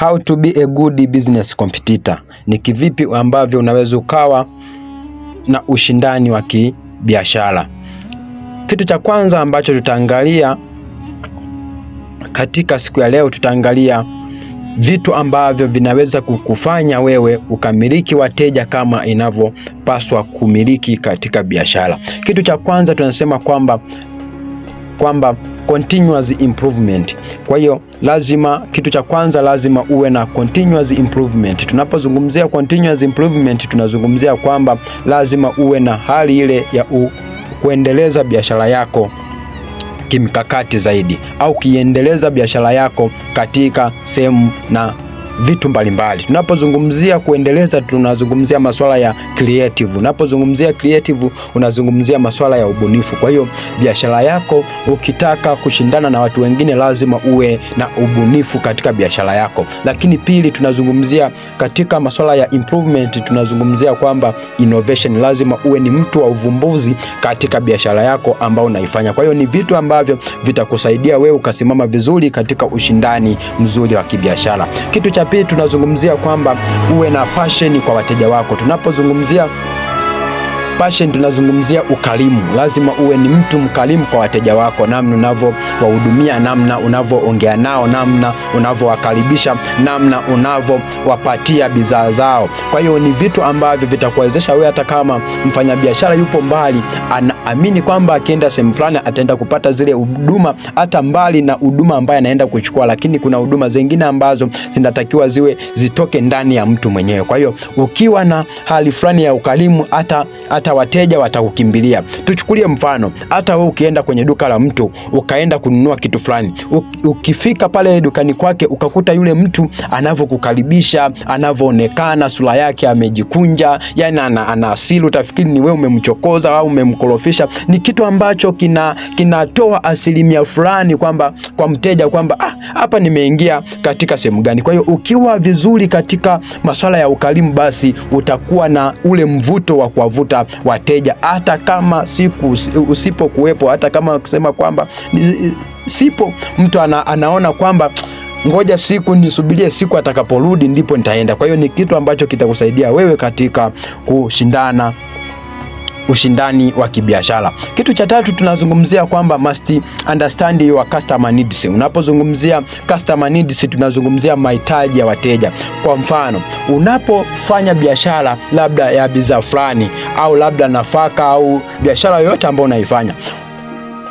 How to be a good business competitor, ni kivipi ambavyo unaweza ukawa na ushindani wa kibiashara. Kitu cha kwanza ambacho tutaangalia katika siku ya leo, tutaangalia vitu ambavyo vinaweza kukufanya wewe ukamiliki wateja kama inavyopaswa kumiliki katika biashara. Kitu cha kwanza tunasema kwamba kwamba continuous improvement. Kwa hiyo lazima, kitu cha kwanza lazima uwe na continuous improvement. Tunapozungumzia continuous improvement, tunazungumzia kwamba lazima uwe na hali ile ya u, kuendeleza biashara yako kimkakati zaidi au kiendeleza biashara yako katika sehemu na vitu mbalimbali. Tunapozungumzia kuendeleza, tunazungumzia masuala ya creative. Unapozungumzia creative, unazungumzia masuala ya ubunifu. Kwa hiyo biashara yako ukitaka kushindana na watu wengine, lazima uwe na ubunifu katika biashara yako. Lakini pili, tunazungumzia katika masuala ya improvement, tunazungumzia kwamba innovation, lazima uwe ni mtu wa uvumbuzi katika biashara yako ambao unaifanya. Kwa hiyo ni vitu ambavyo vitakusaidia wewe ukasimama vizuri katika ushindani mzuri wa kibiashara. Kitu cha pili tunazungumzia kwamba uwe na passion kwa wateja wako. Tunapozungumzia passion tunazungumzia ukarimu. Lazima uwe ni mtu mkarimu kwa wateja wako, namna unavyowahudumia, namna unavyoongea nao, namna unavyowakaribisha, namna unavyowapatia bidhaa zao. Kwa hiyo ni vitu ambavyo vitakuwezesha wewe, hata kama mfanyabiashara yupo mbali ana anaamini kwamba akienda sehemu fulani ataenda kupata zile huduma hata mbali na huduma ambayo anaenda kuchukua, lakini kuna huduma zingine ambazo zinatakiwa ziwe zitoke ndani ya mtu mwenyewe. Kwa hiyo ukiwa na hali fulani ya ukarimu, hata hata wateja watakukimbilia. Tuchukulie mfano, hata wewe ukienda kwenye duka la mtu ukaenda kununua kitu fulani, ukifika pale dukani kwake ukakuta yule mtu anavyokukaribisha, anavyoonekana, sura yake amejikunja, yani ana asili, utafikiri ni wewe umemchokoza au umemkorofisha kuridhisha, ni kitu ambacho kina kinatoa asilimia fulani kwamba kwa mteja kwamba ah, hapa nimeingia katika sehemu gani. Kwa hiyo ukiwa vizuri katika masuala ya ukarimu, basi utakuwa na ule mvuto wa kuwavuta wateja, hata kama siku usipokuwepo, hata kama kusema kwamba sipo, mtu ana, anaona kwamba ngoja siku nisubirie siku atakaporudi ndipo nitaenda. Kwa hiyo ni kitu ambacho kitakusaidia wewe katika kushindana ushindani wa kibiashara. Kitu cha tatu tunazungumzia kwamba must understand your customer needs. Unapozungumzia customer needs, tunazungumzia mahitaji ya wateja. Kwa mfano, unapofanya biashara labda ya bidhaa fulani au labda nafaka au biashara yoyote ambayo unaifanya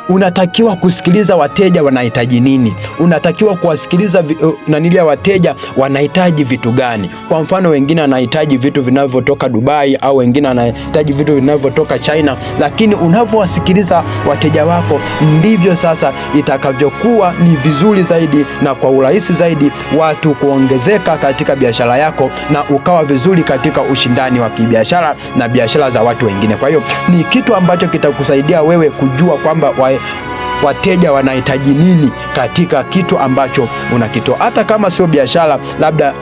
unatakiwa kusikiliza wateja wanahitaji nini, unatakiwa kuwasikiliza uh, nanilia wateja wanahitaji vitu gani. Kwa mfano, wengine anahitaji vitu vinavyotoka Dubai au wengine anahitaji vitu vinavyotoka China, lakini unavyowasikiliza wateja wako ndivyo sasa itakavyokuwa ni vizuri zaidi na kwa urahisi zaidi watu kuongezeka katika biashara yako na ukawa vizuri katika ushindani wa kibiashara na biashara za watu wengine. Kwa hiyo ni kitu ambacho kitakusaidia wewe kujua kwamba wateja wanahitaji nini katika kitu ambacho unakitoa, hata kama sio biashara, labda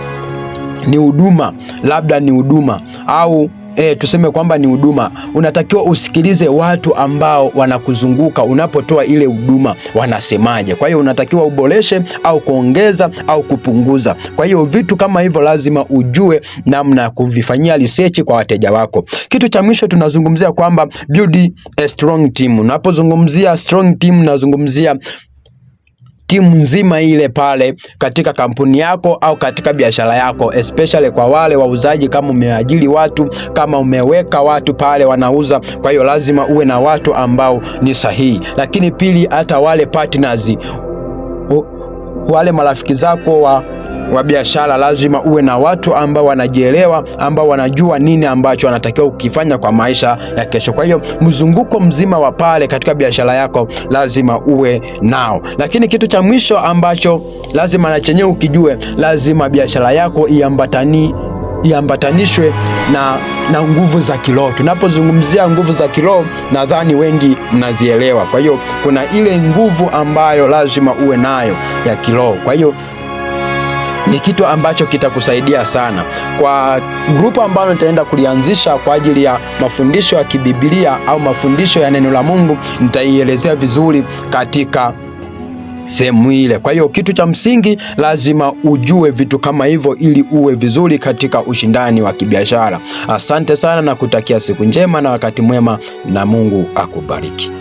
ni huduma, labda ni huduma au e, tuseme kwamba ni huduma, unatakiwa usikilize watu ambao wanakuzunguka unapotoa ile huduma, wanasemaje. Kwa hiyo unatakiwa uboreshe au kuongeza au kupunguza. Kwa hiyo vitu kama hivyo lazima ujue namna ya kuvifanyia research kwa wateja wako. Kitu cha mwisho tunazungumzia kwamba build a strong team. Unapozungumzia strong team, nazungumzia timu nzima ile pale katika kampuni yako au katika biashara yako, especially kwa wale wauzaji. Kama umeajiri watu, kama umeweka watu pale wanauza, kwa hiyo lazima uwe na watu ambao ni sahihi. Lakini pili, hata wale partners, wale marafiki zako wa wa biashara lazima uwe na watu ambao wanajielewa, ambao wanajua nini ambacho wanatakiwa kukifanya kwa maisha ya kesho. Kwa hiyo mzunguko mzima wa pale katika biashara yako lazima uwe nao. Lakini kitu cha mwisho ambacho lazima na chenyewe ukijue, lazima biashara yako iambatani iambatanishwe na, na nguvu za kiroho. Tunapozungumzia nguvu za kiroho, nadhani wengi mnazielewa. Kwa hiyo kuna ile nguvu ambayo lazima uwe nayo ya kiroho. Kwa hiyo ni kitu ambacho kitakusaidia sana. Kwa grupu ambalo nitaenda kulianzisha kwa ajili ya mafundisho ya kibibilia au mafundisho ya neno la Mungu, nitaielezea vizuri katika sehemu ile. Kwa hiyo kitu cha msingi lazima ujue vitu kama hivyo ili uwe vizuri katika ushindani wa kibiashara. Asante sana na kutakia siku njema na wakati mwema na Mungu akubariki.